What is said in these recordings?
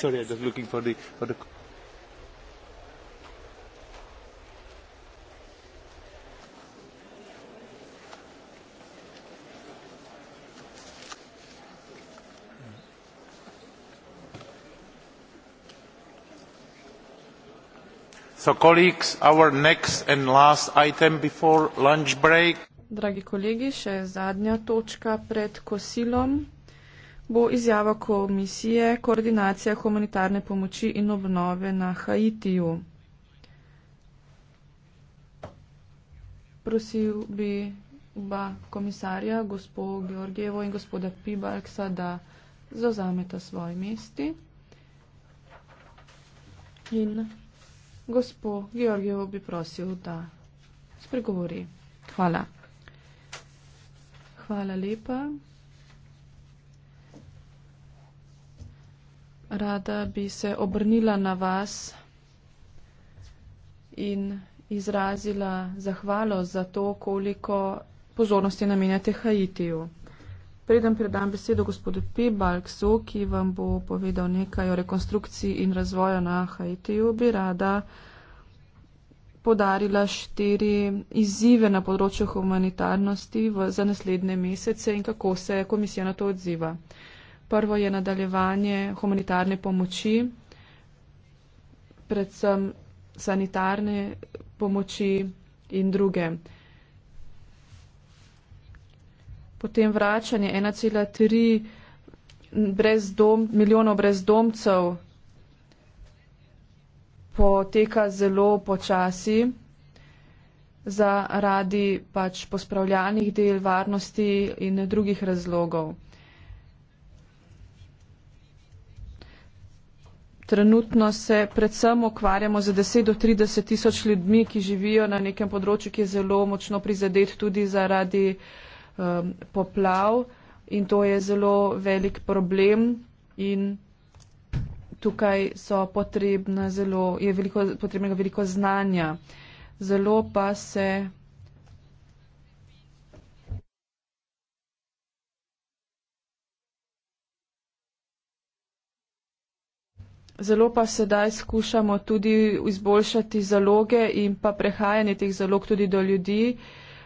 sorry, I'm just looking for the for the. So, colleagues, our next and last item before lunch break. Dragi kolegi, še zadnja točka pred kosilom bo izjava komisije koordinacija humanitarne pomoči in obnove na Haitiju. Prosil bi oba komisarja, gospod Georgijevo in gospoda Pibalksa, da zauzameta svoje mesti. In gospod Georgijevo bi prosil, da spregovori. Hvala. Hvala lepa. Rada bi se obrnila na vas in izrazila zahvalo za to, koliko pozornosti namenjate Haitiju. Preden predam besedo gospodu Pibalksu, ki vam bo povedal nekaj o rekonstrukciji in razvoju na Haitiju, bi rada podarila štiri izzive na področju humanitarnosti v, za naslednje mesece in kako se komisija na to odziva. Prvo je nadaljevanje humanitarne pomoči, predvsem sanitarne pomoči in druge. Potem vračanje 1,3 brezdom, milijonov brezdomcev poteka zelo počasi zaradi pač pospravljalnih del varnosti in drugih razlogov. Trenutno se predvsem ukvarjamo z 10 do 30 tisoč ljudmi, ki živijo na nekem področju, ki je zelo močno prizadet tudi zaradi um, poplav in to je zelo velik problem in tukaj potrebna, zelo, je veliko, potrebnega veliko znanja. Zelo pa se zelo pa sedaj skušamo tudi izboljšati zaloge in pa prehajanje teh zalog tudi do ljudi,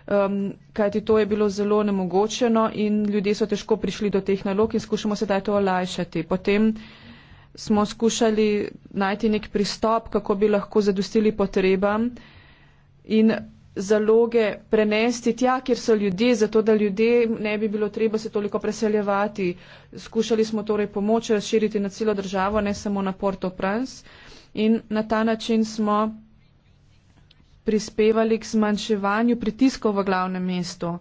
um, kajti to je bilo zelo nemogočeno in ljudje so težko prišli do teh nalog in skušamo sedaj to olajšati. Potem smo skušali najti nek pristop, kako bi lahko zadostili potrebam in zaloge prenesti tja, kjer so ljudje, zato da ljudje ne bi bilo treba se toliko preseljevati. Skušali smo torej pomoč razširiti na celo državo, ne samo na Port-au-Prince. In na ta način smo prispevali k zmanjševanju pritiskov v glavnem mestu.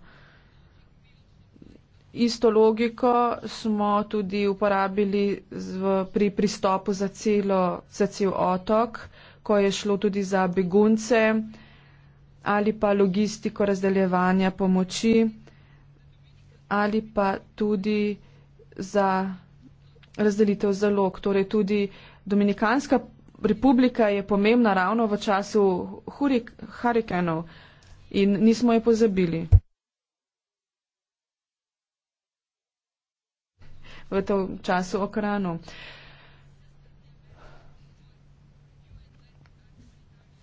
Isto logiko smo tudi uporabili v, pri pristopu za, celo, za cel otok, ko je šlo tudi za begunce ali pa logistiko razdeljevanja pomoči ali pa tudi za razdelitev zalog. Torej tudi Dominikanska republika je pomembna ravno v času hurikanov in nismo je pozabili. V tem času okranu.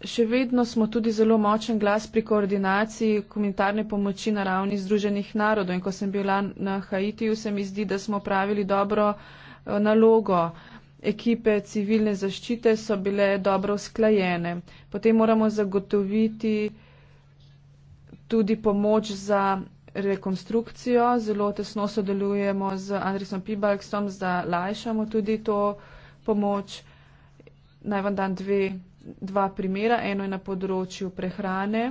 Še vedno smo tudi zelo močen glas pri koordinaciji komunitarne pomoči na ravni Združenih narodov. In ko sem bila na Haitiju, se mi zdi, da smo pravili dobro eh, nalogo. Ekipe civilne zaščite so bile dobro usklajene. Potem moramo zagotoviti tudi pomoč za rekonstrukcijo. Zelo tesno sodelujemo z Andresom Pibalkstom, da lajšamo tudi to pomoč. Naj vam dam dve dva primera. Eno je na področju prehrane.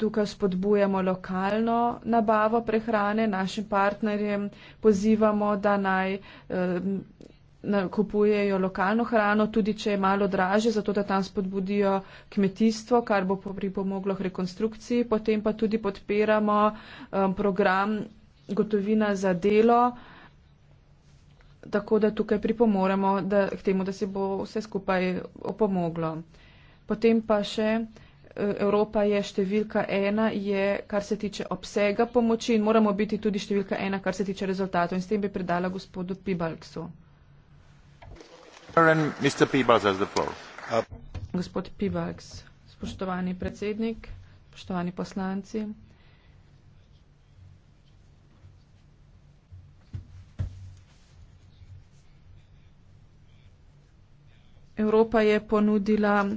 Tukaj spodbujamo lokalno nabavo prehrane, našim partnerjem pozivamo, da naj eh, kupujejo lokalno hrano, tudi če je malo draže, zato da tam spodbudijo kmetijstvo, kar bo pripomoglo k rekonstrukciji. Potem pa tudi podpiramo eh, program gotovina za delo, eh, tako da tukaj pripomoremo da, k temu, da se bo vse skupaj opomoglo. Potem pa še e, Evropa je številka ena, je, kar se tiče obsega pomoči in moramo biti tudi številka ena, kar se tiče rezultatov. In s tem bi predala gospodu Pibalcu. Gospod Pibalc, spoštovani predsednik, spoštovani poslanci. Evropa je ponudila.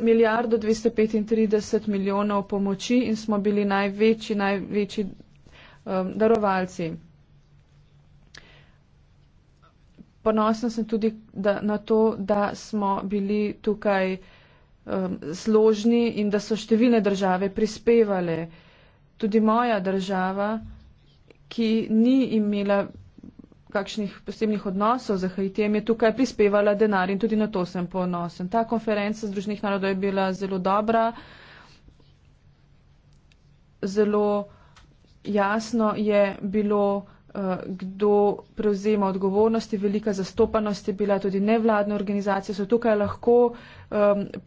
Milijardo 235 milijonov pomoči in smo bili največji, največji um, darovalci. Ponosna sem tudi da, na to, da smo bili tukaj um, zložni in da so številne države prispevale. Tudi moja država, ki ni imela kakšnih posebnih odnosov z Haitijem je tukaj prispevala denar in tudi na to sem ponosen. Ta konferenca Združenih narodov je bila zelo dobra, zelo jasno je bilo, eh, kdo prevzema odgovornosti, velika zastopanost je bila, tudi nevladne organizacije so tukaj lahko um,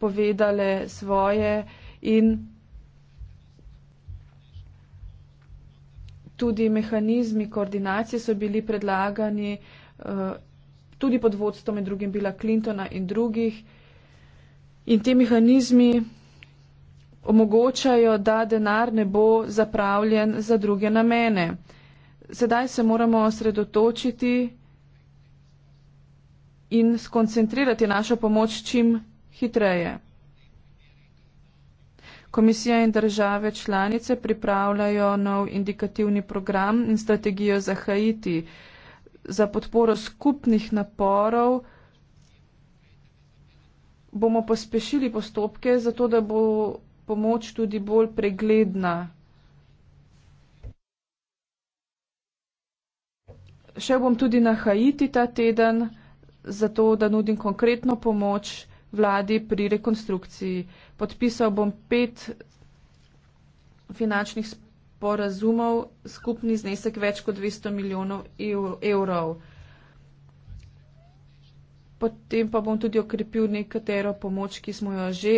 povedale svoje in tudi mehanizmi koordinacije so bili predlagani eh, tudi pod vodstvom med drugim Bila Clintona in drugih. In ti mehanizmi omogočajo, da denar ne bo zapravljen za druge namene. Sedaj se moramo osredotočiti in skoncentrirati našo pomoč čim hitreje. Komisija in države članice pripravljajo nov indikativni program in strategijo za Haiti za podporo skupnih naporov. Bomo pospešili postopke, zato da bo pomoč tudi bolj pregledna. Šel bom tudi na Haiti ta teden, zato da nudim konkretno pomoč vladi pri rekonstrukciji. Podpisal bom pet finančnih sporazumov, skupni znesek več kot 200 milijonov evrov. Potem pa bom tudi okrepil nekatero pomoč, ki smo jo že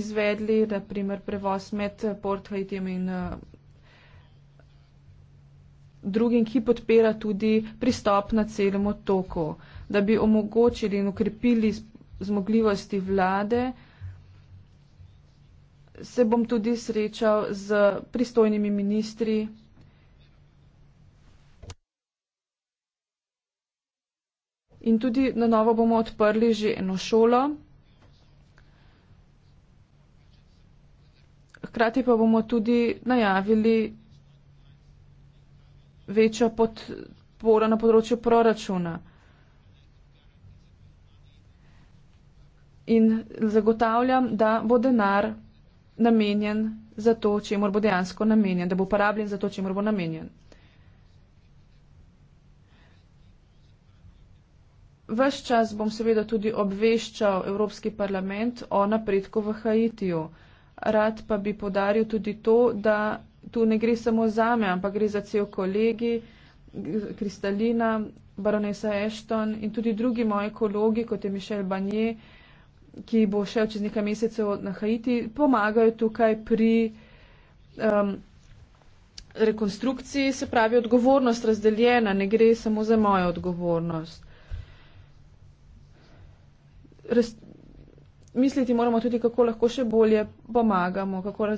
izvedli, da primer prevoz med Port Haitijem in eh, drugim, ki podpira tudi pristop na celem otoku, da bi omogočili in okrepili zmogljivosti vlade, se bom tudi srečal z pristojnimi ministri. In tudi na novo bomo odprli že eno šolo. Hkrati pa bomo tudi najavili večjo podporo na področju proračuna. in zagotavljam, da bo denar namenjen za to, čemu bo dejansko namenjen, da bo uporabljen za to, čemu bo namenjen. Ves čas bom seveda tudi obveščal Evropski parlament o napredku v Haitiju. Rad pa bi podaril tudi to, da tu ne gre samo za me, ampak gre za cel kolegi, Kristalina, baronesa Ashton in tudi drugi moji kolegi, kot je Mišel Banje ki bo šel čez nekaj mesecev na Haiti, pomagajo tukaj pri um, rekonstrukciji, se pravi odgovornost razdeljena, ne gre samo za mojo odgovornost. Res, misliti moramo tudi, kako lahko še bolje pomagamo, kako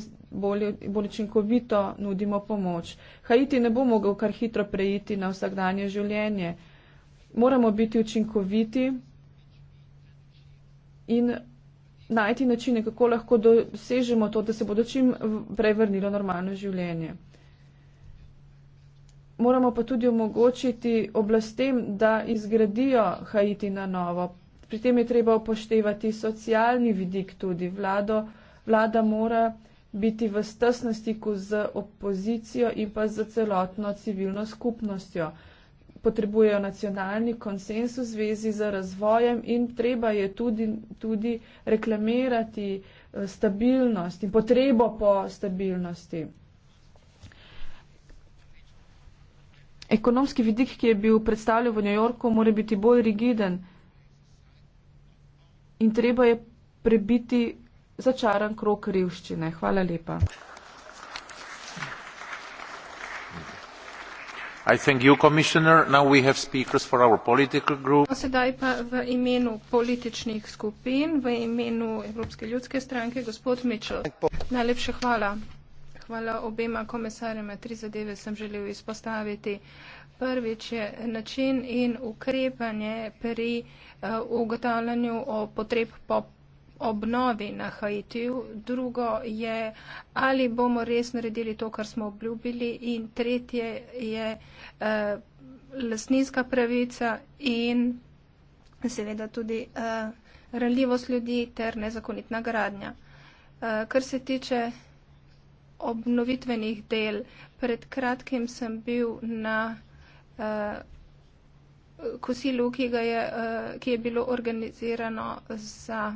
bolje, bolj učinkovito nudimo pomoč. Haiti ne bo mogel kar hitro prejiti na vsakdanje življenje. Moramo biti učinkoviti in najti načine, kako lahko dosežemo to, da se bodo čim prej vrnilo normalno življenje. Moramo pa tudi omogočiti oblastem, da izgradijo Haiti na novo. Pri tem je treba upoštevati socialni vidik tudi. Vlado, vlada mora biti v stresnem stiku z opozicijo in pa z celotno civilno skupnostjo potrebujejo nacionalni konsens v zvezi z razvojem in treba je tudi, tudi reklamirati eh, stabilnost in potrebo po stabilnosti. Ekonomski vidik, ki je bil predstavljen v New Yorku, mora biti bolj rigiden in treba je prebiti začaran krok revščine. Hvala lepa. No, sedaj pa v imenu političnih skupin, v imenu Evropske ljudske stranke, gospod Mitchell. Najlepša hvala. Hvala obema komisarjema. Tri zadeve sem želel izpostaviti. Prvič je način in ukrepanje pri eh, ugotavljanju o potreb po obnovi na Haitiju, drugo je, ali bomo res naredili to, kar smo obljubili in tretje je eh, lasninska pravica in seveda tudi eh, ranljivost ljudi ter nezakonitna gradnja. Eh, kar se tiče obnovitvenih del, pred kratkim sem bil na eh, kosilu, ki, ga je, eh, ki je bilo organizirano za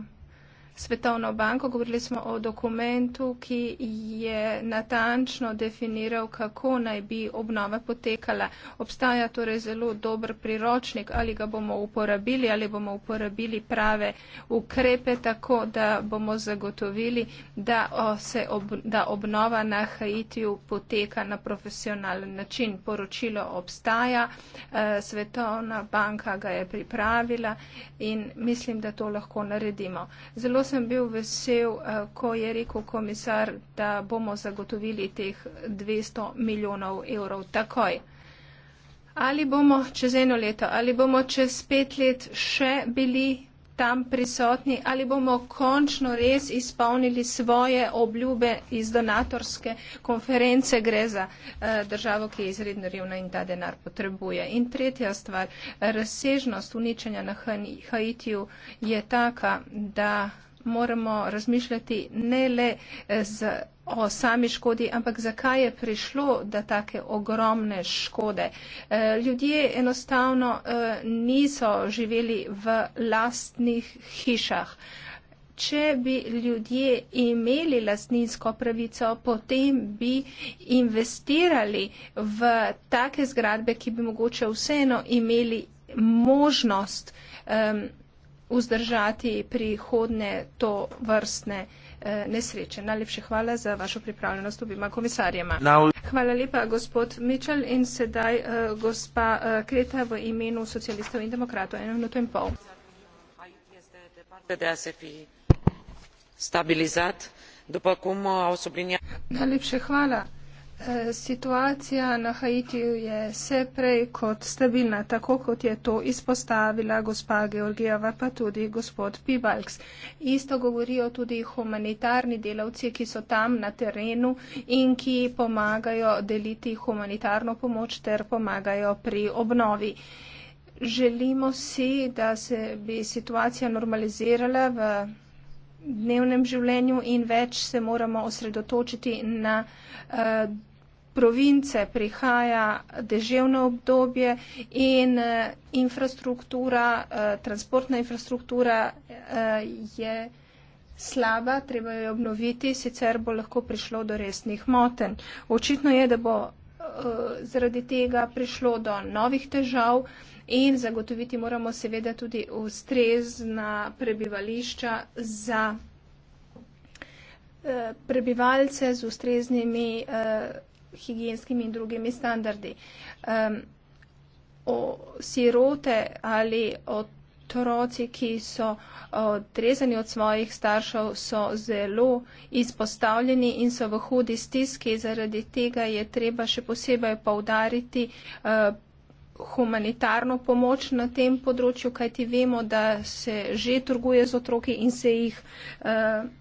Svetovno banko, govorili smo o dokumentu, ki je natančno definiral, kako naj bi obnova potekala. Obstaja torej zelo dober priročnik, ali ga bomo uporabili, ali bomo uporabili prave ukrepe, tako da bomo zagotovili, da, se ob, da obnova na Haitiju poteka na profesionalen način. Poročilo obstaja, eh, Svetovna banka ga je pripravila in mislim, da to lahko naredimo. Zelo sem bil vesel, eh, ko je rekel komisar, da bomo zagotovili teh 200 milijonov evrov takoj. Ali bomo čez eno leto, ali bomo čez pet let še bili tam prisotni, ali bomo končno res izpolnili svoje obljube iz donatorske konference, gre za eh, državo, ki je izredno revna in ta denar potrebuje. In tretja stvar, razsežnost uničenja na Haitiju je taka, da moramo razmišljati ne le eh, z, o sami škodi, ampak zakaj je prišlo do take ogromne škode. Eh, ljudje enostavno eh, niso živeli v lastnih hišah. Če bi ljudje imeli lastninsko pravico, potem bi investirali v take zgradbe, ki bi mogoče vseeno imeli možnost um, vzdržati prihodne to vrstne eh, nesreče. Najlepše hvala za vašo pripravljenost obima komisarjema. Hvala lepa, gospod Mičel in sedaj eh, gospa eh, Kreta v imenu socialistov in demokratov. Eno minuto in pol. Najlepše hvala. Eh, situacija na Haitiju je vse prej kot stabilna, tako kot je to izpostavila gospa Georgijeva, pa tudi gospod Pibalks. Isto govorijo tudi humanitarni delavci, ki so tam na terenu in ki pomagajo deliti humanitarno pomoč ter pomagajo pri obnovi. Želimo si, da se bi situacija normalizirala v dnevnem življenju in več se moramo osredotočiti na uh, province prihaja deževno obdobje in eh, infrastruktura, eh, transportna infrastruktura eh, je slaba, treba jo obnoviti, sicer bo lahko prišlo do resnih moten. Očitno je, da bo zaradi tega prišlo do novih težav in zagotoviti moramo seveda tudi ustrezna prebivališča za prebivalce z ustreznimi higijenskimi in drugimi standardi. Um, o sirote ali otroci, ki so odrezani od svojih staršev, so zelo izpostavljeni in so v hudi stiski. Zaradi tega je treba še posebej povdariti. Uh, e, humanitarno pomoč na tem področju, kajti vemo, da se že trguje z otroki in se jih uh,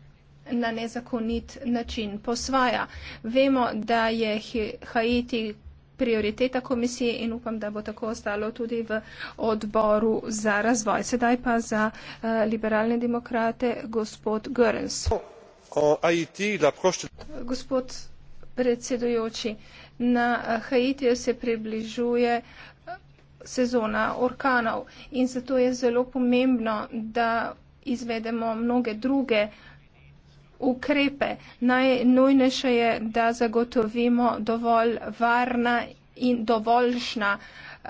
na nezakonit način posvaja. Vemo, da je Haiti prioriteta komisije in upam, da bo tako ostalo tudi v odboru za razvoj. Sedaj pa za uh, liberalne demokrate gospod Grns. Gospod predsedujoči, na eh, Haitiju se približuje eh, sezona orkanov in zato je zelo pomembno, da izvedemo mnoge druge uh, ukrepe. Najnujnejše je, da zagotovimo dovolj varna in dovoljšna eh,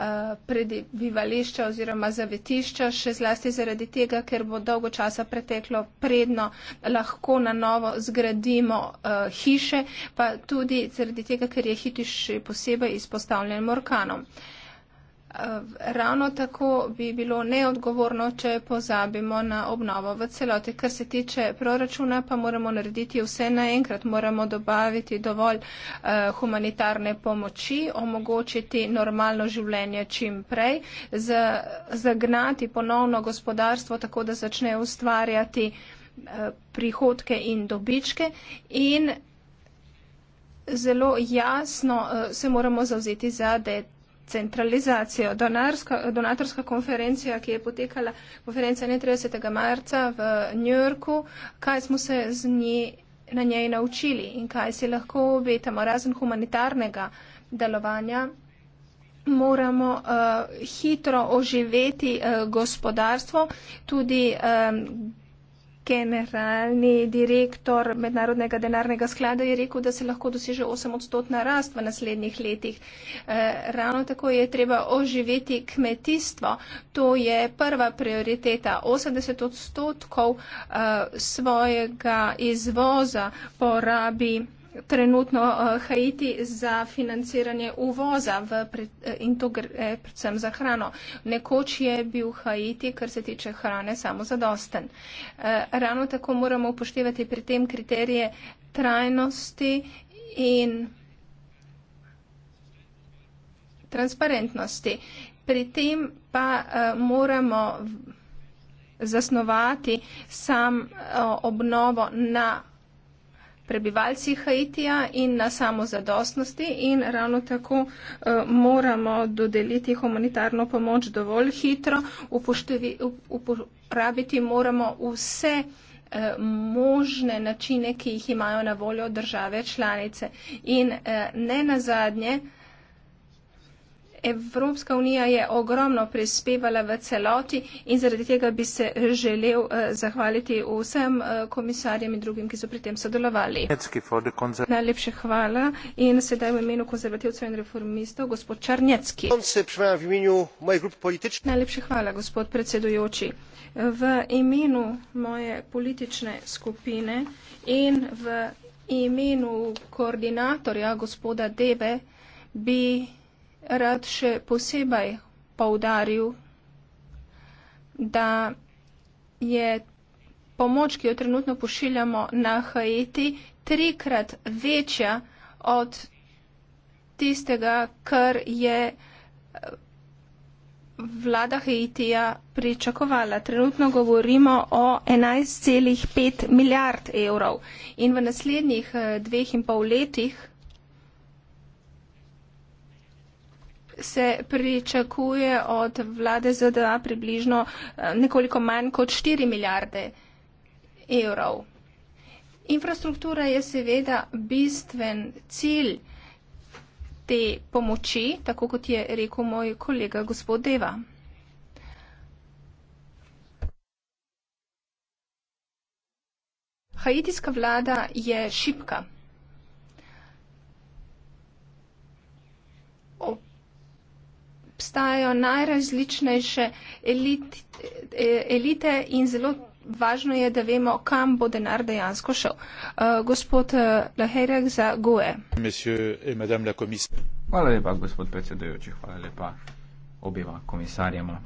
predbivališča oziroma zavetišča, še zlasti zaradi tega, ker bo dolgo časa preteklo predno, lahko na novo zgradimo uh, hiše, pa tudi zaradi tega, ker je hitiš posebej izpostavljen morkanom. Uh, Eh, ravno tako bi bilo neodgovorno, če pozabimo na obnovo v celoti. Kar se tiče proračuna, pa moramo narediti vse naenkrat. Moramo dobaviti dovolj eh, humanitarne pomoči, omogočiti normalno življenje čim prej, zagnati ponovno gospodarstvo, tako da začne ustvarjati eh, prihodke in dobičke in zelo jasno se moramo zauzeti za det centralizacijo. Donarska, donatorska konferencija, ki je potekala, konferenca 31. marca v New Yorku, kaj smo se z nje, na njej naučili in kaj si lahko obetamo razen humanitarnega delovanja. Moramo uh, hitro oživeti uh, gospodarstvo, tudi uh, generalni direktor Mednarodnega denarnega sklada je rekel, da se lahko doseže 8 odstotna rast v naslednjih letih. E, ravno tako je treba oživeti kmetijstvo. To je prva prioriteta. 80 odstotkov e, svojega izvoza porabi trenutno uh, Haiti za financiranje uvoza v, eh, in to gre eh, predvsem za hrano. Nekoč je bil Haiti, kar se tiče hrane, samo zadosten. Uh, ravno tako moramo upoštevati pri tem kriterije trajnosti in transparentnosti. Pri tem pa uh, moramo zasnovati sam uh, obnovo na prebivalci Haitija in na samozadostnosti in ravno tako uh, moramo dodeliti humanitarno pomoč dovolj hitro, uporabiti moramo vse eh, možne načine, ki jih imajo na voljo države članice. In eh, ne nazadnje, Evropska unija je ogromno prispevala v celoti in zaradi tega bi se želel uh, zahvaliti vsem uh, komisarjem in drugim, ki so pri tem sodelovali. Najlepše hvala in sedaj v imenu konzervativcev in reformistov gospod Črnjecki. Najlepše hvala, gospod predsedujoči. V imenu moje politične skupine in v imenu koordinatorja gospoda Debe bi rad še posebej povdaril, da je pomoč, ki jo trenutno pošiljamo na Haiti, trikrat večja od tistega, kar je eh, vlada Haitija pričakovala. Trenutno govorimo o 11,5 milijard evrov in v naslednjih eh, dveh in pol letih se pričakuje od vlade ZDA približno eh, nekoliko manj kot 4 milijarde evrov. Infrastruktura je seveda bistven cilj te pomoči, tako kot je rekel moj kolega gospod Deva. Haitijska vlada je šipka. obstajajo najrazličnejše elit, e, elite in zelo važno je, da vemo, kam bo denar dejansko šel. E, gospod e, Lahejrek za GUE. Hvala lepa, gospod predsedujoči. Hvala lepa obima komisarjama.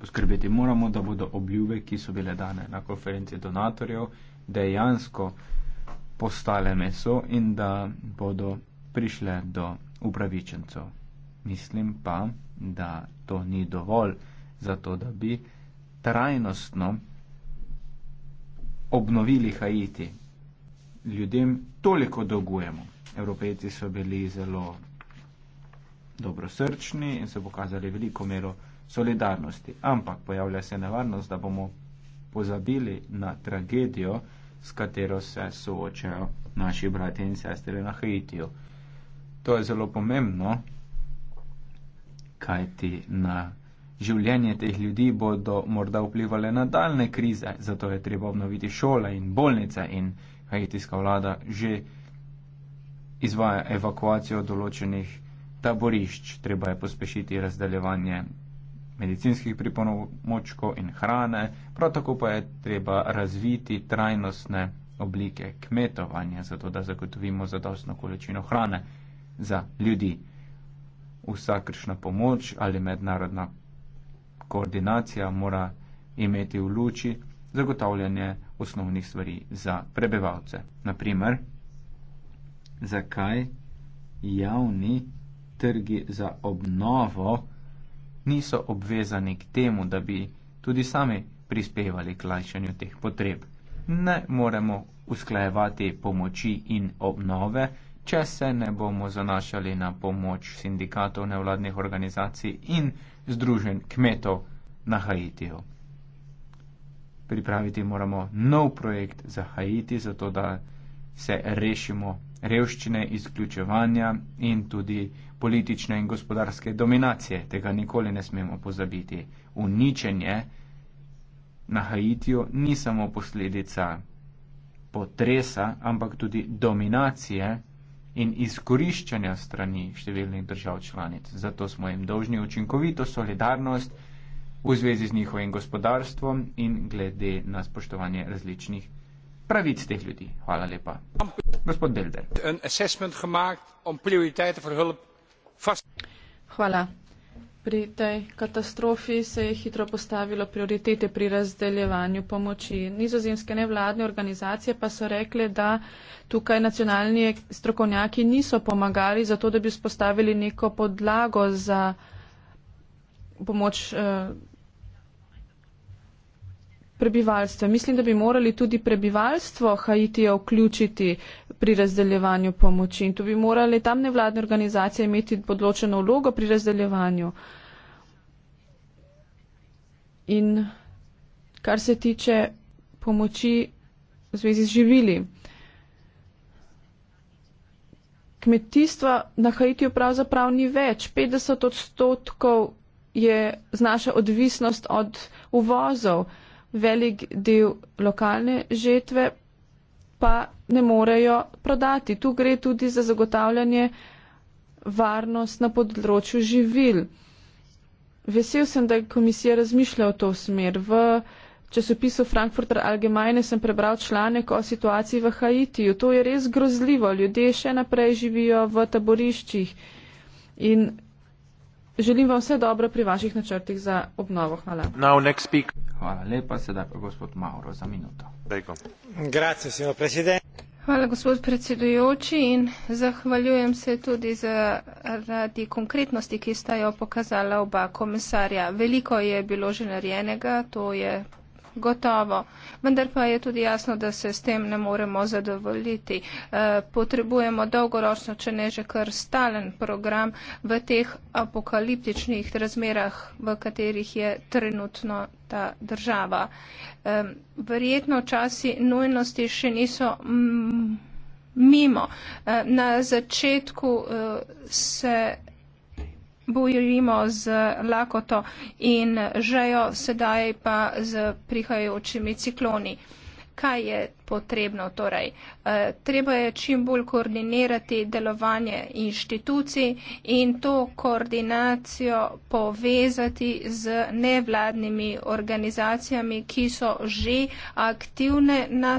Poskrbeti moramo, da bodo obljube, ki so bile dane na konferenci donatorjev, dejansko postale meso in da bodo prišle do upravičencev. Mislim pa, da to ni dovolj za to, da bi trajnostno obnovili Haiti. Ljudem toliko dolgujemo. Evropejci so bili zelo dobrosrčni in so pokazali veliko mero solidarnosti. Ampak pojavlja se nevarnost, da bomo pozabili na tragedijo, s katero se soočajo naši bratje in sestre na Haitiju to je zelo pomembno, kajti na življenje teh ljudi bodo morda vplivali nadaljne krize, zato je treba obnoviti šole in bolnice in haitijska vlada že izvaja evakuacijo določenih taborišč, treba je pospešiti razdeljevanje medicinskih pripomočkov in hrane, prav tako pa je treba razviti trajnostne oblike kmetovanja, zato da zagotovimo zadostno količino hrane za ljudi. Vsakršna pomoč ali mednarodna koordinacija mora imeti v luči zagotavljanje osnovnih stvari za prebivalce. Naprimer, zakaj javni trgi za obnovo niso obvezani k temu, da bi tudi sami prispevali k lajšanju teh potreb. Ne moremo usklajevati pomoči in obnove če se ne bomo zanašali na pomoč sindikatov, nevladnih organizacij in združen kmetov na Haitiju. Pripraviti moramo nov projekt za Haiti, zato da se rešimo revščine, izključevanja in tudi politične in gospodarske dominacije. Tega nikoli ne smemo pozabiti. Uničenje na Haitiju ni samo posledica potresa, ampak tudi dominacije in izkoriščanja strani številnih držav članic. Zato smo jim dolžni učinkovito solidarnost v zvezi z njihovim gospodarstvom in glede na spoštovanje različnih pravic teh ljudi. Hvala lepa. Gospod Delder. Hvala. Pri tej katastrofi se je hitro postavilo prioritete pri razdeljevanju pomoči. Nizozemske nevladne organizacije pa so rekle, da tukaj nacionalni strokovnjaki niso pomagali za to, da bi spostavili neko podlago za pomoč. Eh, prebivalstva. Mislim, da bi morali tudi prebivalstvo Haitija vključiti pri razdeljevanju pomoči in to bi morali tam nevladne organizacije imeti podločeno vlogo pri razdeljevanju. In kar se tiče pomoči v zvezi z živili. Kmetijstva na Haitiju pravzaprav ni več. 50 odstotkov je znaša odvisnost od uvozov velik del lokalne žetve pa ne morejo prodati. Tu gre tudi za zagotavljanje varnost na področju živil. Vesel sem, da je komisija razmišlja v to smer. V časopisu Frankfurter Allgemeine sem prebral članek o situaciji v Haitiju. To je res grozljivo. Ljudje še naprej živijo v taboriščih. In Želim vam vse dobro pri vaših načrtih za obnovo. Hvala. Now, Hvala lepa, sedaj pa gospod Mauro za minuto. Grazie, Hvala, gospod predsedujoči, in zahvaljujem se tudi zaradi konkretnosti, ki sta jo pokazala oba komisarja. Veliko je bilo že narejenega, to je gotovo. Vendar pa je tudi jasno, da se s tem ne moremo zadovoljiti. Eh, potrebujemo dolgoročno, če ne že kar stalen program v teh apokaliptičnih razmerah, v katerih je trenutno ta država. Eh, verjetno časi nujnosti še niso. Mm, mimo, eh, na začetku se bojujemo z lakoto in žejo, sedaj pa z prihajajočimi cikloni kaj je potrebno. Torej, eh, treba je čim bolj koordinirati delovanje inštitucij in to koordinacijo povezati z nevladnimi organizacijami, ki so že aktivne na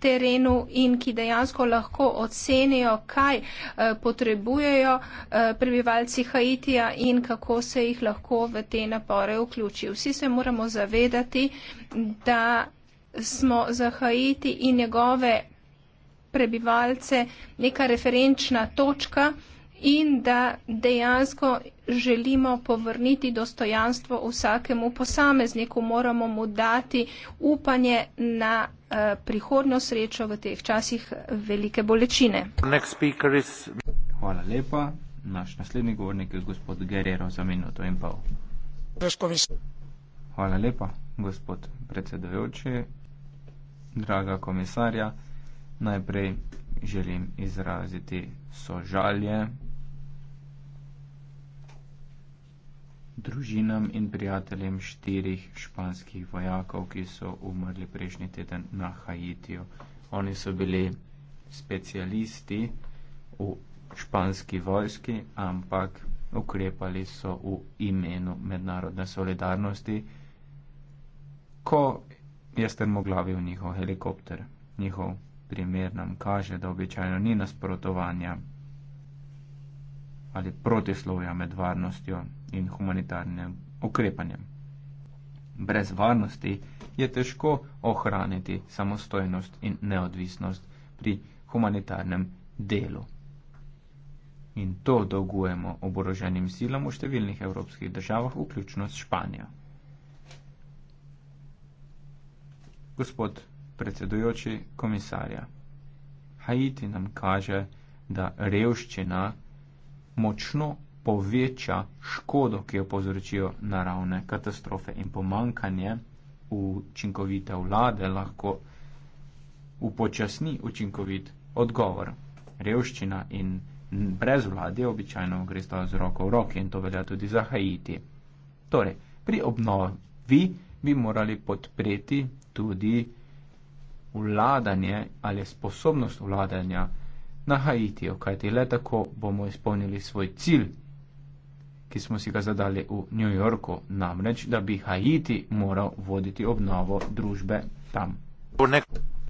terenu in ki dejansko lahko ocenijo, kaj eh, potrebujejo eh, prebivalci Haitija in kako se jih lahko v te napore vključi. Vsi se moramo zavedati, da smo za Haiti in njegove prebivalce neka referenčna točka in da dejansko želimo povrniti dostojanstvo vsakemu posamezniku, moramo mu dati upanje na uh, eh, prihodno srečo v teh časih velike bolečine. Is... Hvala lepa. Naš naslednji govornik je gospod Gerero za minuto in pol. Hvala lepa, gospod predsedujoči draga komisarja, najprej želim izraziti sožalje družinam in prijateljem štirih španskih vojakov, ki so umrli prejšnji teden na Haitiju. Oni so bili specialisti v španski vojski, ampak ukrepali so v imenu mednarodne solidarnosti. Ko je strmoglavil njihov helikopter. Njihov primer nam kaže, da običajno ni nasprotovanja ali protislovja med varnostjo in humanitarnim ukrepanjem. Brez varnosti je težko ohraniti samostojnost in neodvisnost pri humanitarnem delu. In to dolgujemo oboroženim silam v številnih evropskih državah, vključno s Španijo. gospod predsedujoči komisarja. Haiti nam kaže, da revščina močno poveča škodo, ki jo povzročijo naravne katastrofe in pomankanje učinkovite vlade lahko upočasni učinkovit odgovor. Revščina in brez vlade običajno gre sta z roko v roki in to velja tudi za Haiti. Torej, pri obnovi bi morali podpreti tudi vladanje ali sposobnost vladanja na Haitiju, kajti le tako bomo izpolnili svoj cilj, ki smo si ga zadali v New Yorku, namreč, da bi Haiti moral voditi obnovo družbe tam.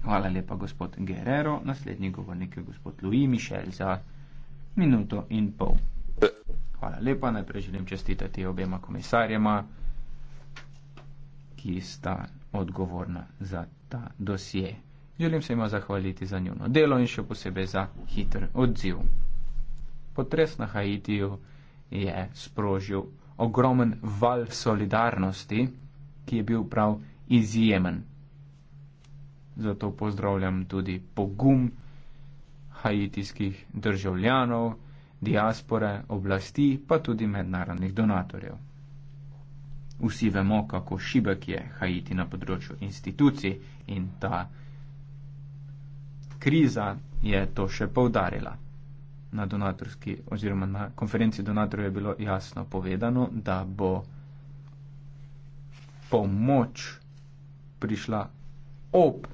Hvala lepa, gospod Guerrero. Naslednji govornik je gospod Louis Michel za minuto in pol. Hvala lepa, najprej želim čestitati obema komisarjema ki sta odgovorna za ta dosje. Želim se jima zahvaliti za njuno delo in še posebej za hiter odziv. Potres na Haitiju je sprožil ogromen val solidarnosti, ki je bil prav izjemen. Zato pozdravljam tudi pogum haitijskih državljanov, diaspore, oblasti, pa tudi mednarodnih donatorjev vsi vemo, kako šibek je Haiti na področju institucij in ta kriza je to še povdarila. Na, na konferenci donatorjev je bilo jasno povedano, da bo pomoč prišla ob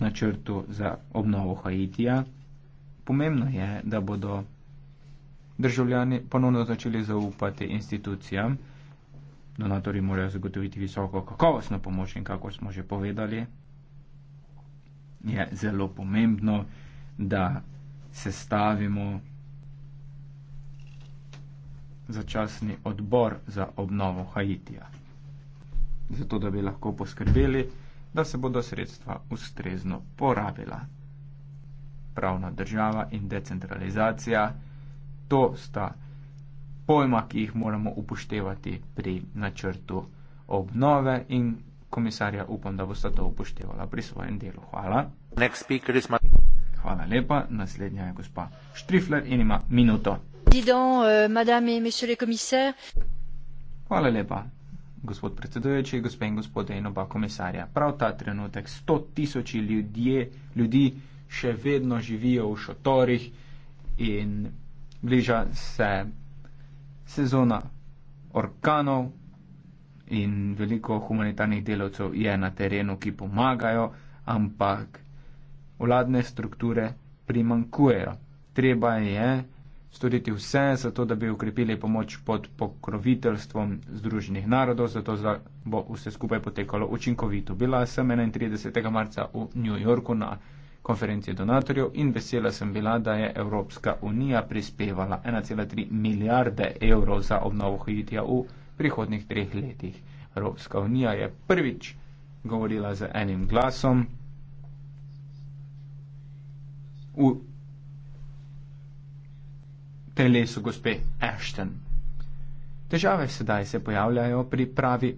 načrtu za obnovo Haitija. Pomembno je, da bodo državljani ponovno začeli zaupati institucijam donatori morajo zagotoviti visoko kakovostno pomoč in kako smo že povedali, je zelo pomembno, da sestavimo začasni odbor za obnovo Haitija. Zato, da bi lahko poskrbeli, da se bodo sredstva ustrezno porabila. Pravna država in decentralizacija, to sta pojma, ki jih moramo upoštevati pri načrtu obnove in komisarja upam, da boste to upoštevala pri svojem delu. Hvala. Hvala lepa. Naslednja je gospa Štrifler in ima minuto. Euh, Hvala lepa, gospod predsedujoči, gospe in gospode in oba komisarja. Prav ta trenutek sto tisoči ljudi še vedno živijo v šotorih in bliža se sezona orkanov in veliko humanitarnih delavcev je na terenu, ki pomagajo, ampak vladne strukture primankujejo. Treba je storiti vse, zato da bi ukrepili pomoč pod pokroviteljstvom Združenih narodov, zato da bo vse skupaj potekalo učinkovito. Bila sem 31. marca v New Yorku na konferencije donatorjev in vesela sem bila, da je Evropska unija prispevala 1,3 milijarde evrov za obnovo Haitija v prihodnih treh letih. Evropska unija je prvič govorila z enim glasom. V telesu gospe Ashton. Težave sedaj se pojavljajo pri pravi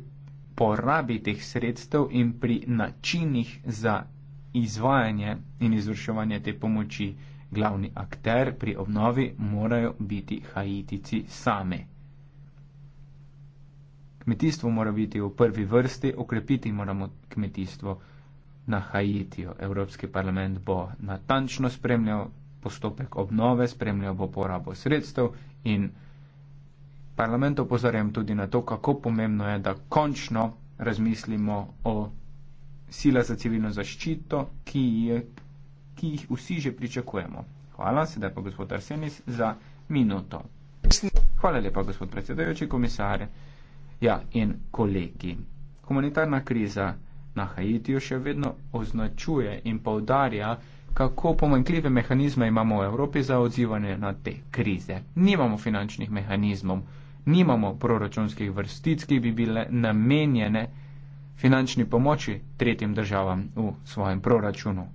porabi teh sredstev in pri načinih za izvajanje in izvrševanje te pomoči glavni akter pri obnovi morajo biti Haitici sami. Kmetijstvo mora biti v prvi vrsti, okrepiti moramo kmetijstvo na Haitiju. Evropski parlament bo natančno spremljal postopek obnove, spremljal bo porabo sredstev in parlament opozarjam tudi na to, kako pomembno je, da končno razmislimo o sila za civilno zaščito, ki, je, ki jih vsi že pričakujemo. Hvala, sedaj pa gospod Arsenis za minuto. Hvala lepa, gospod predsedajoči, komisar. Ja, in kolegi. Humanitarna kriza na Haitiju še vedno označuje in povdarja, kako pomankljive mehanizme imamo v Evropi za odzivanje na te krize. Nimamo finančnih mehanizmov, nimamo proračunskih vrstic, ki bi bile namenjene finančni pomoči tretjim državam v svojem proračunu.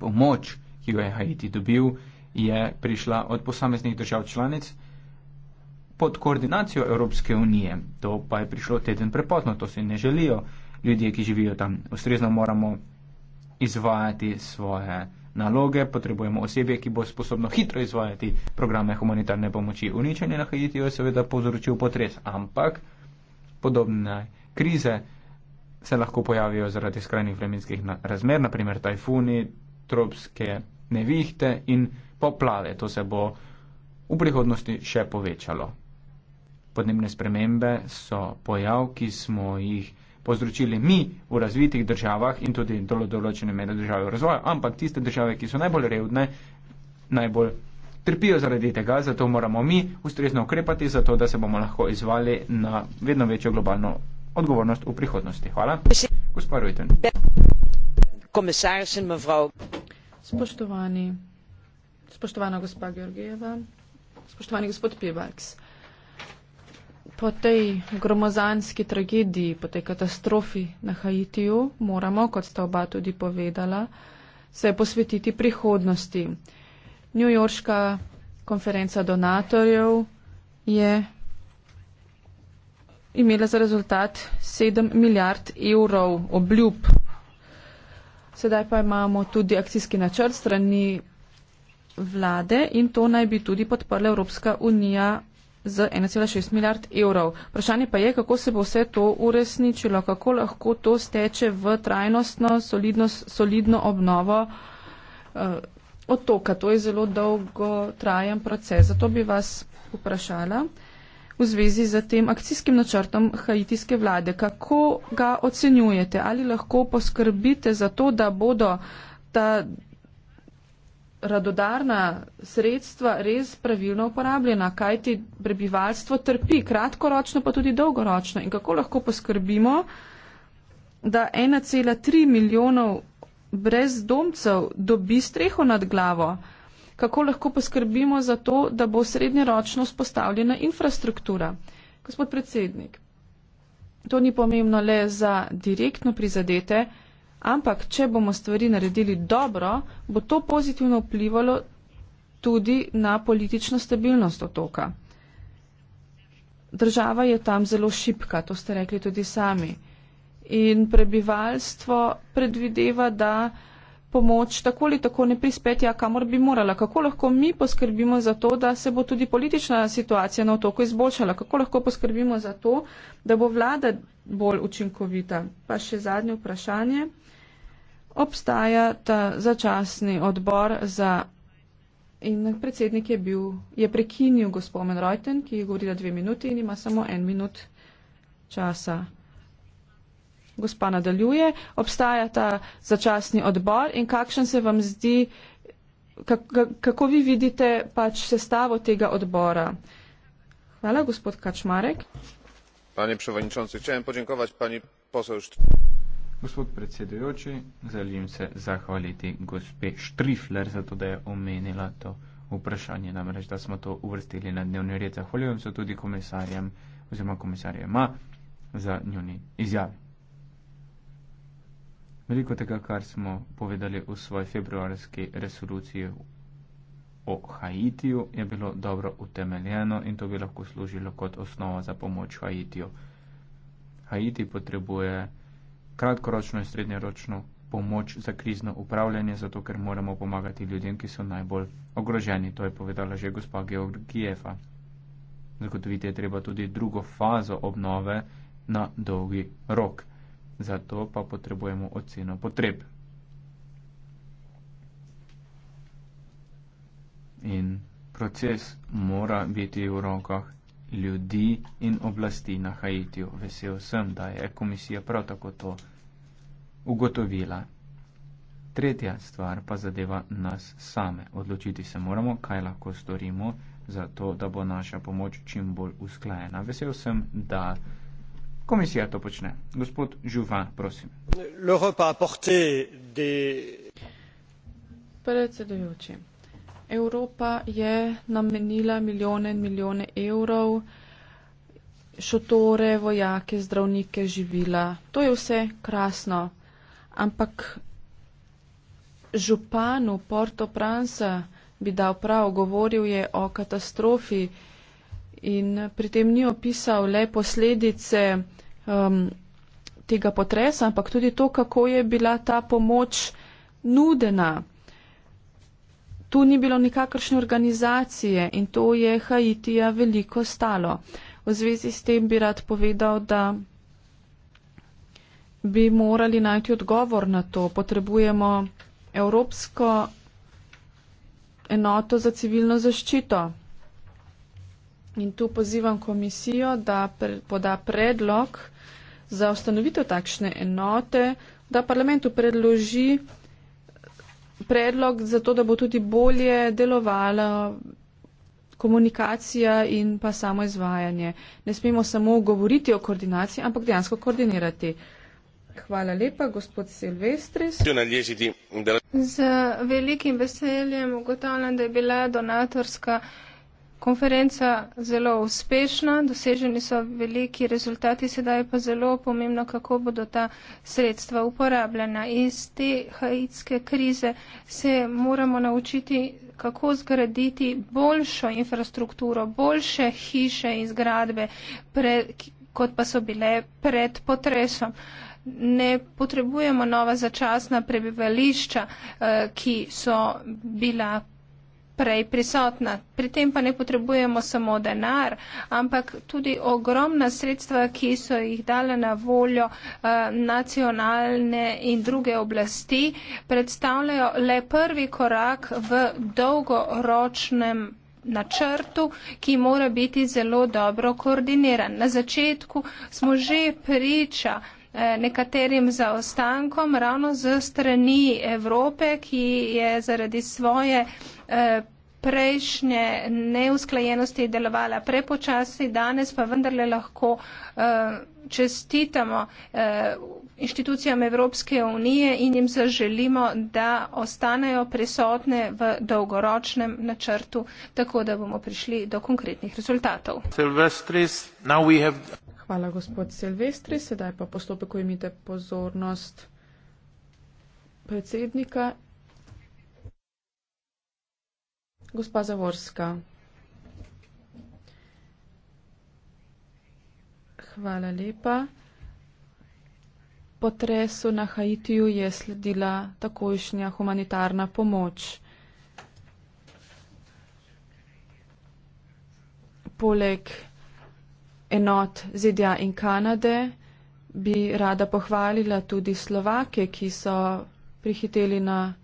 Pomoč, ki jo je Haiti dobil, je prišla od posameznih držav članic pod koordinacijo Evropske unije. To pa je prišlo teden prepotno, to si ne želijo ljudje, ki živijo tam. Ustrezno moramo izvajati svoje naloge, potrebujemo osebje, ki bo sposobno hitro izvajati programe humanitarne pomoči. Uničenje na Haitiju je seveda povzročil potres, ampak podobne krize se lahko pojavijo zaradi skrajnih vremenskih razmer, naprimer tajfuni, tropske nevihte in poplave. To se bo v prihodnosti še povečalo. Podnebne spremembe so pojav, ki smo jih povzročili mi v razvitih državah in tudi dolo določene mere države v razvoju, ampak tiste države, ki so najbolj revne, najbolj trpijo zaradi tega, zato moramo mi ustrezno ukrepati, zato da se bomo lahko izvali na vedno večjo globalno odgovornost v prihodnosti. Hvala. Gospod Rujten. Komisaris in mevrov. Spoštovani, spoštovana gospa Georgijeva, spoštovani gospod Pivaks. Po tej gromozanski tragediji, po tej katastrofi na Haitiju moramo, kot sta oba tudi povedala, se posvetiti prihodnosti. New Yorkska konferenca donatorjev je imela za rezultat 7 milijard evrov obljub. Sedaj pa imamo tudi akcijski načrt strani vlade in to naj bi tudi podprla Evropska unija z 1,6 milijard evrov. Vprašanje pa je, kako se bo vse to uresničilo, kako lahko to steče v trajnostno, solidno, solidno obnovo eh, otoka. To je zelo dolgo trajen proces. Zato bi vas vprašala v zvezi z tem akcijskim načrtom haitijske vlade. Kako ga ocenjujete? Ali lahko poskrbite za to, da bodo ta radodarna sredstva res pravilno uporabljena, kajti prebivalstvo trpi kratkoročno, pa tudi dolgoročno. In kako lahko poskrbimo, da 1,3 milijonov brezdomcev dobi streho nad glavo? kako lahko poskrbimo za to, da bo srednjeročno spostavljena infrastruktura. Gospod predsednik, to ni pomembno le za direktno prizadete, ampak če bomo stvari naredili dobro, bo to pozitivno vplivalo tudi na politično stabilnost otoka. Država je tam zelo šipka, to ste rekli tudi sami. In prebivalstvo predvideva, da pomoč tako ali tako ne prispetja, kamor bi morala? Kako lahko mi poskrbimo za to, da se bo tudi politična situacija na otoku izboljšala? Kako lahko poskrbimo za to, da bo vlada bolj učinkovita? Pa še zadnje vprašanje. Obstaja ta začasni odbor za. In predsednik je, bil, je prekinil gospod Menrojten, ki je govorila dve minuti in ima samo en minut časa gospa nadaljuje, obstaja ta začasni odbor in kakšen se vam zdi, kako vi vidite pač sestavo tega odbora. Hvala, gospod Kačmarek. Panie przewodniczący, chciałem podziękować pani poseł Gospod predsedujoči, želim se zahvaliti gospe Štrifler za to, da je omenila to vprašanje, namreč, da smo to uvrstili na dnevni red. Zahvaljujem se tudi komisarjem oziroma komisarjema za njuni izjavi veliko tega, kar smo povedali v svoj februarski resoluciji o Haitiju, je bilo dobro utemeljeno in to bi lahko služilo kot osnova za pomoč Haitiju. Haiti potrebuje kratkoročno in srednjeročno pomoč za krizno upravljanje, zato ker moramo pomagati ljudem, ki so najbolj ogroženi. To je povedala že gospa Georgijeva. Zagotoviti je treba tudi drugo fazo obnove na dolgi rok zato pa potrebujemo oceno potreb. In proces mora biti v rokah ljudi in oblasti na Haitiju. Vesel sem, da je komisija prav tako to ugotovila. Tretja stvar pa zadeva nas same. Odločiti se moramo, kaj lahko storimo, zato da bo naša pomoč čim bolj usklajena. Vesel sem, da. Komisija to počne. Gospod Žuva, prosim. Predsedujoči, Evropa je namenila milijone in milijone evrov šotore, vojake, zdravnike, živila. To je vse krasno. Ampak županu Porto Pransa bi dal prav, govoril je o katastrofi, in pri tem ni opisal le posledice um, tega potresa, ampak tudi to, kako je bila ta pomoč nudena. Tu ni bilo nikakršne organizacije in to je Haitija veliko stalo. V zvezi s tem bi rad povedal, da bi morali najti odgovor na to. Potrebujemo evropsko enoto za civilno zaščito. In tu pozivam komisijo, da poda predlog za ustanovitev takšne enote, da parlamentu predloži predlog za to, da bo tudi bolje delovala komunikacija in pa samo izvajanje. Ne smemo samo govoriti o koordinaciji, ampak dejansko koordinirati. Hvala lepa, gospod Silvestris. Z velikim veseljem ugotavljam, da je bila donatorska konferenca zelo uspešna, doseženi so veliki rezultati, sedaj je pa zelo pomembno, kako bodo ta sredstva uporabljena. Iz te haitske krize se moramo naučiti, kako zgraditi boljšo infrastrukturo, boljše hiše in zgradbe, pre, kot pa so bile pred potresom. Ne potrebujemo nova začasna prebivališča, eh, ki so bila prej prisotna. Pri tem pa ne potrebujemo samo denar, ampak tudi ogromna sredstva, ki so jih dale na voljo eh, nacionalne in druge oblasti, predstavljajo le prvi korak v dolgoročnem načrtu, ki mora biti zelo dobro koordiniran. Na začetku smo že priča eh, nekaterim zaostankom ravno z strani Evrope, ki je zaradi svoje eh, Eh, prejšnje neusklajenosti delovala prepočasi, danes pa vendarle lahko eh, čestitamo eh, inštitucijam Evropske unije in jim zaželimo, da ostanejo prisotne v dolgoročnem načrtu, tako da bomo prišli do konkretnih rezultatov. Hvala, gospod Silvestri. Sedaj pa postopek ujmite pozornost predsednika Gospa Zavorska. Hvala lepa. Potresu na Haitiju je sledila takojšnja humanitarna pomoč. Poleg enot ZDA in Kanade bi rada pohvalila tudi Slovake, ki so prihiteli na Haitiju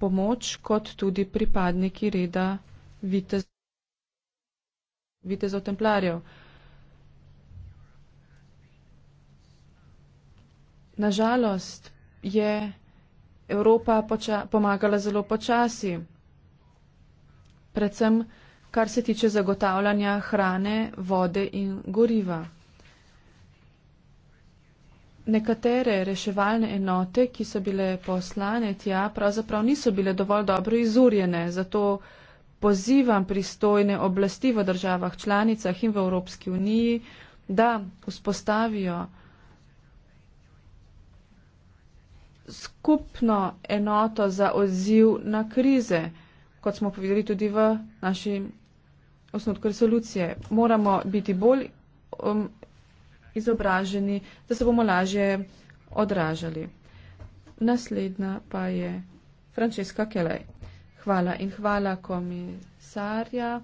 pomoč, kot tudi pripadniki reda vitez, vitezov templarjev. Nažalost je Evropa poča, pomagala zelo počasi, predvsem kar se tiče zagotavljanja hrane, vode in goriva nekatere reševalne enote, ki so bile poslane tja, pravzaprav niso bile dovolj dobro izurjene. Zato pozivam pristojne oblasti v državah članicah in v Evropski uniji, da vzpostavijo skupno enoto za odziv na krize, kot smo povedali tudi v naši osnutku resolucije. Moramo biti bolj. Um, izobraženi, da se bomo lažje odražali. Naslednja pa je Francesca Kelej. Hvala in hvala komisarja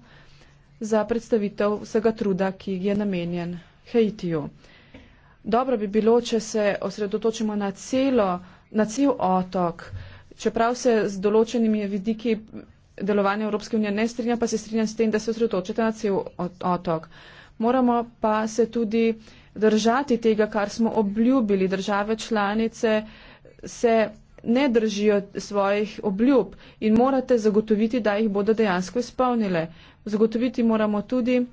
za predstavitev vsega truda, ki je namenjen Haitiju. Dobro bi bilo, če se osredotočimo na, celo, na cel otok, čeprav se z določenimi vidiki delovanja Evropske unije ne strinjam, pa se strinjam s tem, da se osredotočite na cel otok moramo pa se tudi držati tega, kar smo obljubili. Države članice se ne držijo svojih obljub in morate zagotoviti, da jih bodo dejansko izpolnile. Zagotoviti moramo tudi,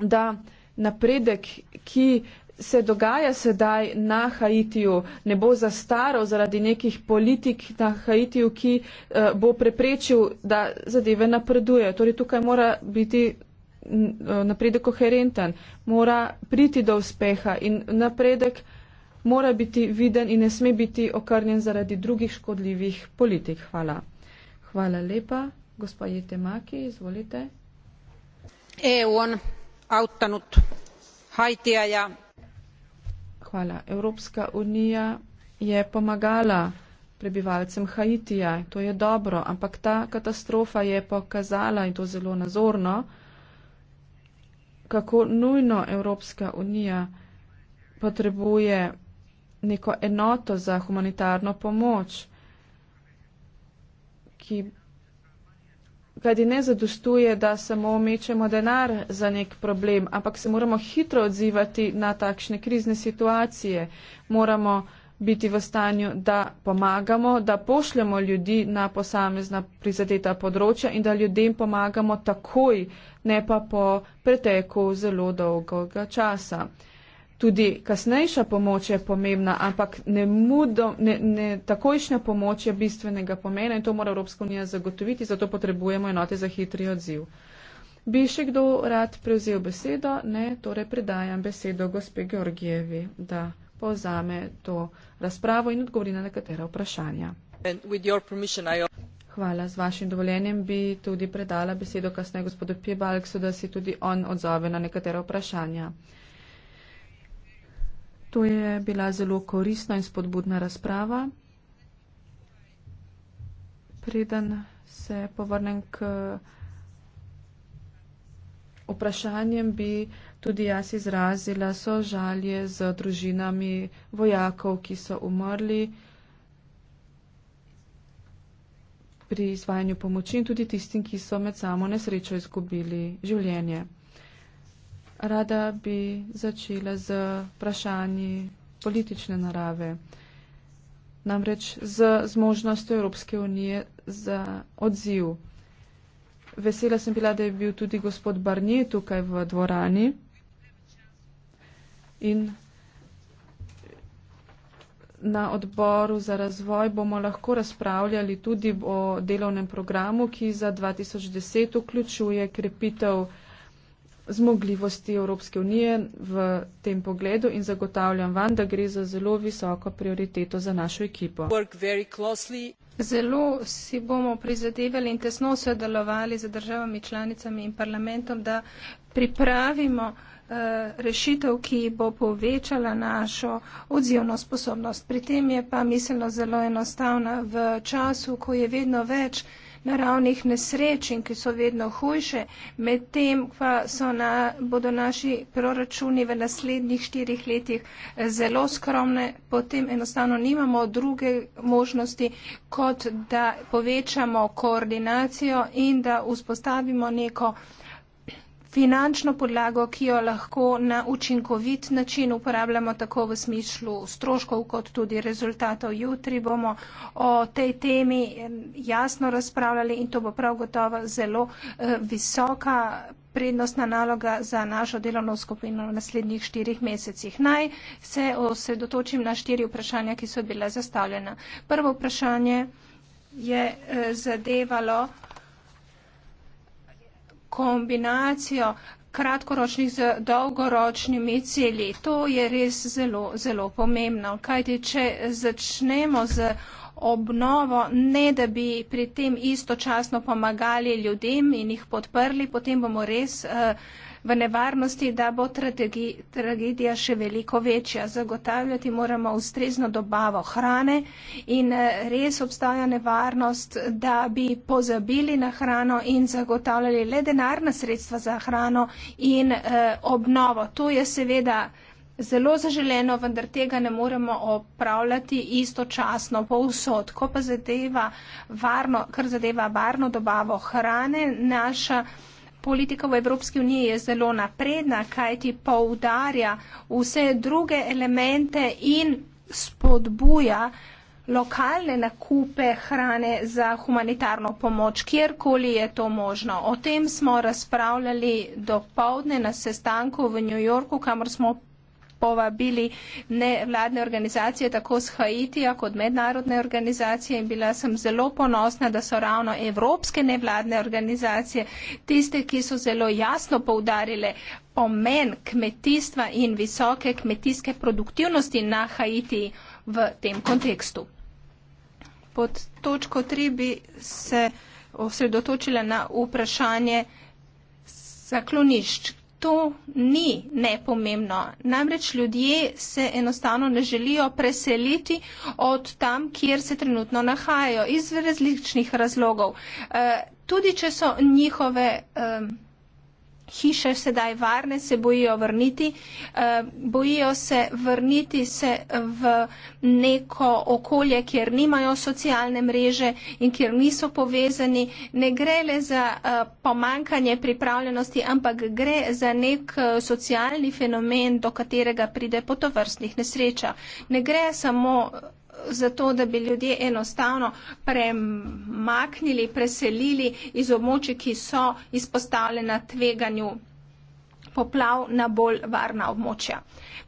da napredek, ki se dogaja sedaj na Haitiju, ne bo zastaral zaradi nekih politik na Haitiju, ki uh, bo preprečil, da zadeve napredujejo. Torej, tukaj mora biti Eh, napredek koherenten, mora priti do uspeha in napredek mora biti viden in ne sme biti okrnjen zaradi drugih škodljivih politik. Hvala. Hvala lepa. Gospa Jete Maki, izvolite. EU on avtanut Haitija ja. Hvala. Evropska unija je pomagala prebivalcem Haitija. To je dobro, ampak ta katastrofa je pokazala in to zelo nazorno, kako nujno Evropska unija potrebuje neko enoto za humanitarno pomoč, ki kajti ne zadostuje, da samo omečemo denar za nek problem, ampak se moramo hitro odzivati na takšne krizne situacije. Moramo biti v stanju, da pomagamo, da pošljemo ljudi na posamezna prizadeta področja in da ljudem pomagamo takoj, ne pa po preteku zelo dolgega časa. Tudi kasnejša pomoč je pomembna, ampak ne mudo, ne, ne, takojšnja pomoč je bistvenega pomena in to mora Evropska unija zagotoviti, zato potrebujemo enote za hitri odziv. Bi še kdo rad prevzel besedo? Ne, torej predajam besedo gospe Georgijevi. Da povzame to razpravo in odgovori na nekatera vprašanja. Hvala. Z vašim dovoljenjem bi tudi predala besedo kasneje gospodu Pibalksu, da se tudi on odzove na nekatera vprašanja. To je bila zelo koristna in spodbudna razprava. Preden se povrnem k vprašanjem, bi tudi jaz izrazila sožalje z družinami vojakov, ki so umrli pri izvajanju pomoči in tudi tistim, ki so med samo nesrečo izgubili življenje. Rada bi začela z vprašanji politične narave. Namreč z zmožnostjo Evropske unije za odziv. Vesela sem bila, da je bil tudi gospod Barnier tukaj v dvorani. In na odboru za razvoj bomo lahko razpravljali tudi o delovnem programu, ki za 2010 vključuje krepitev zmogljivosti Evropske unije v tem pogledu in zagotavljam vam, da gre za zelo visoko prioriteto za našo ekipo. Zelo si bomo prizadevali in tesno sodelovali z državami, članicami in parlamentom, da pripravimo uh, Eh, rešitev, ki bo povečala našo odzivno sposobnost. Pri tem je pa miselno zelo enostavna v času, ko je vedno več naravnih nesreč in ki so vedno hujše, medtem pa na, bodo naši proračuni v naslednjih štirih letih eh, zelo skromne, potem enostavno nimamo druge možnosti, kot da povečamo koordinacijo in da vzpostavimo neko finančno podlago, ki jo lahko na učinkovit način uporabljamo tako v smislu stroškov kot tudi rezultatov. Jutri bomo o tej temi jasno razpravljali in to bo prav gotovo zelo eh, visoka prednostna naloga za našo delovno skupino v naslednjih štirih mesecih. Naj se osredotočim na štiri vprašanja, ki so bile zastavljene. Prvo vprašanje je eh, zadevalo kombinacijo kratkoročnih z dolgoročnimi cilji. To je res zelo, zelo pomembno, kajti če začnemo z obnovo, ne da bi pri tem istočasno pomagali ljudem in jih podprli, potem bomo res. Uh, v nevarnosti, da bo tragi, tragedija še veliko večja. Zagotavljati moramo ustrezno dobavo hrane in eh, res obstaja nevarnost, da bi pozabili na hrano in zagotavljali le denarna sredstva za hrano in eh, obnovo. To je seveda zelo zaželeno, vendar tega ne moremo opravljati istočasno po vsod. Ko pa zadeva varno, kar zadeva varno dobavo hrane, naša politika v Evropski uniji je zelo napredna, kajti poudarja vse druge elemente in spodbuja lokalne nakupe hrane za humanitarno pomoč, kjerkoli je to možno. O tem smo razpravljali do povdne na sestanku v New Yorku, kamor smo povabili nevladne organizacije tako z Haitija kot mednarodne organizacije in bila sem zelo ponosna, da so ravno evropske nevladne organizacije tiste, ki so zelo jasno poudarile pomen kmetijstva in visoke kmetijske produktivnosti na Haiti v tem kontekstu. Pod točko 3 bi se osredotočila na vprašanje zaklonišč, to ni nepomembno. Namreč ljudje se enostavno ne želijo preseliti od tam, kjer se trenutno nahajajo, iz različnih razlogov. Eh, tudi če so njihove hiše sedaj varne, se bojijo vrniti, eh, bojijo se vrniti se v neko okolje, kjer nimajo socialne mreže in kjer niso povezani. Ne gre le za eh, pomankanje pripravljenosti, ampak gre za nek eh, socialni fenomen, do katerega pride po tovrstnih nesrečah. Ne gre samo zato, da bi ljudje enostavno premaknili, preselili iz območij, ki so izpostavljena tveganju poplav na bolj varna območja.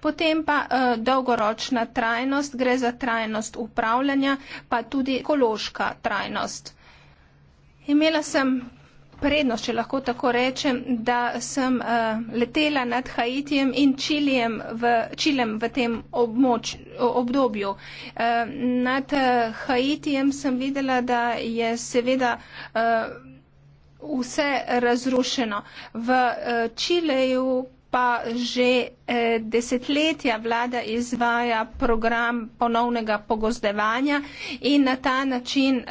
Potem pa eh, dolgoročna trajnost, gre za trajnost upravljanja, pa tudi ekološka trajnost. Imela sem prednost, če lahko tako rečem, da sem uh, letela nad Haitijem in Čilijem v, Čilem v tem območ, obdobju. Uh, nad uh, Haitijem sem videla, da je seveda. Uh, Vse razrušeno. V Čileju pa že desetletja vlada izvaja program ponovnega pogozdevanja in na ta način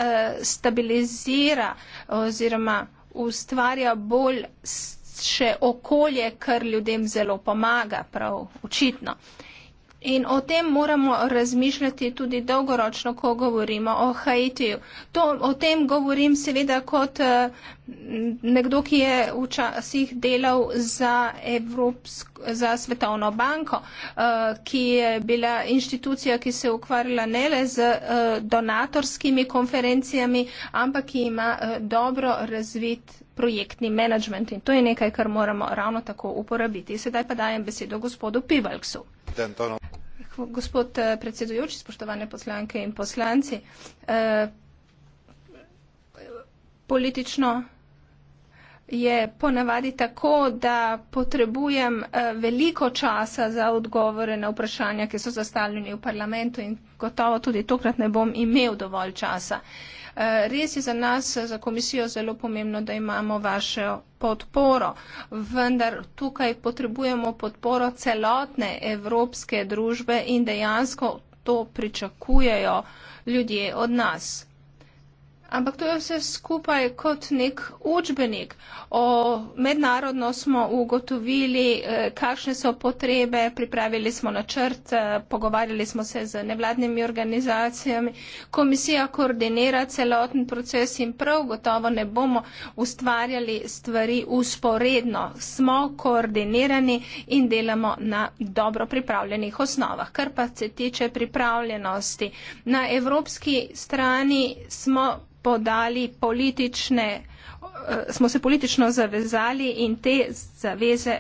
stabilizira oziroma ustvarja bolj še okolje, kar ljudem zelo pomaga, prav očitno. In o tem moramo razmišljati tudi dolgoročno, ko govorimo o Haitiju. To, o tem govorim seveda kot eh, nekdo, ki je včasih delal za, Evropsk, za Svetovno banko, eh, ki je bila inštitucija, ki se ukvarjala ne le z eh, donatorskimi konferencijami, ampak ki ima dobro razvit projektni menedžment. In to je nekaj, kar moramo ravno tako uporabiti. Sedaj pa dajem besedo gospodu Pivalksu prezidentom. Gospod eh, predsedujoči, spoštovane poslanke in poslanci, eh, politično je ponavadi tako, da potrebujem eh, veliko časa za odgovore na vprašanja, ki so zastavljeni v parlamentu in gotovo tudi tokrat ne bom imel dovolj časa. Eh, res je za nas, za komisijo, zelo pomembno, da imamo vašo podporo, vendar tukaj potrebujemo podporo celotne evropske družbe in dejansko to pričakujejo ljudje od nas. Ampak to je vse skupaj kot nek učbenik. O, mednarodno smo ugotovili, eh, kakšne so potrebe, pripravili smo načrt, eh, pogovarjali smo se z nevladnimi organizacijami. Komisija koordinira celoten proces in prav gotovo ne bomo ustvarjali stvari usporedno. Smo koordinirani in delamo na dobro pripravljenih osnovah. Kar pa se tiče pripravljenosti, na evropski strani smo podali politične, eh, smo se politično zavezali in te zaveze,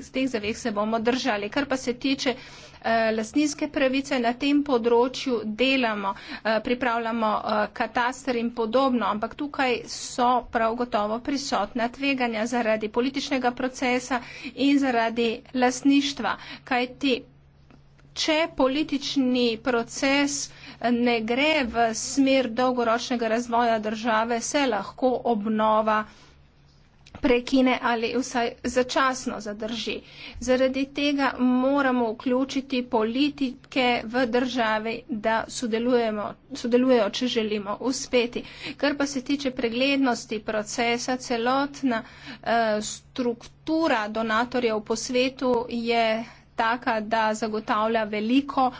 z teh zavez se bomo držali. Kar pa se tiče eh, lasninske pravice na tem področju delamo, eh, pripravljamo kataster in podobno, ampak tukaj so prav gotovo prisotna tveganja zaradi političnega procesa in zaradi lasništva. Kaj ti, če politični proces uh, ne gre v smer dolgoročnega razvoja države, se lahko obnova prekine ali vsaj začasno zadrži. Zaradi tega moramo vključiti politike v državi, da sodelujemo, sodelujejo, če želimo uspeti. Kar pa se tiče preglednosti procesa, celotna eh, struktura donatorjev po svetu je taka, da zagotavlja veliko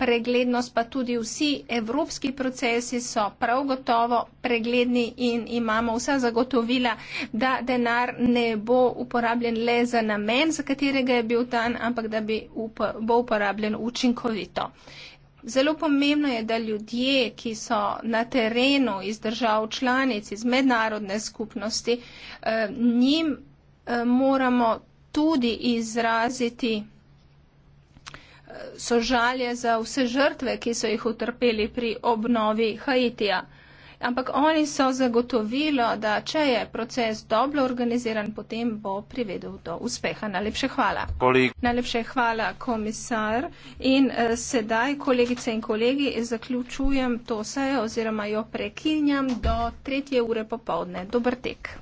preglednost, pa tudi vsi evropski procesi so prav gotovo pregledni in imamo vsa zagotovila, da denar ne bo uporabljen le za namen, za katerega je bil dan, ampak da bi up bo uporabljen učinkovito. Zelo pomembno je, da ljudje, ki so na terenu iz držav članic, iz mednarodne skupnosti, eh, njim eh, moramo tudi izraziti sožalje za vse žrtve, ki so jih utrpeli pri obnovi Haitija. Ampak oni so zagotovilo, da če je proces dobro organiziran, potem bo privedel do uspeha. Najlepše hvala. Kolik. Najlepše hvala, komisar. In eh, sedaj, kolegice in kolegi, zaključujem to sejo oziroma jo prekinjam do tretje ure popovdne. Dobr tek.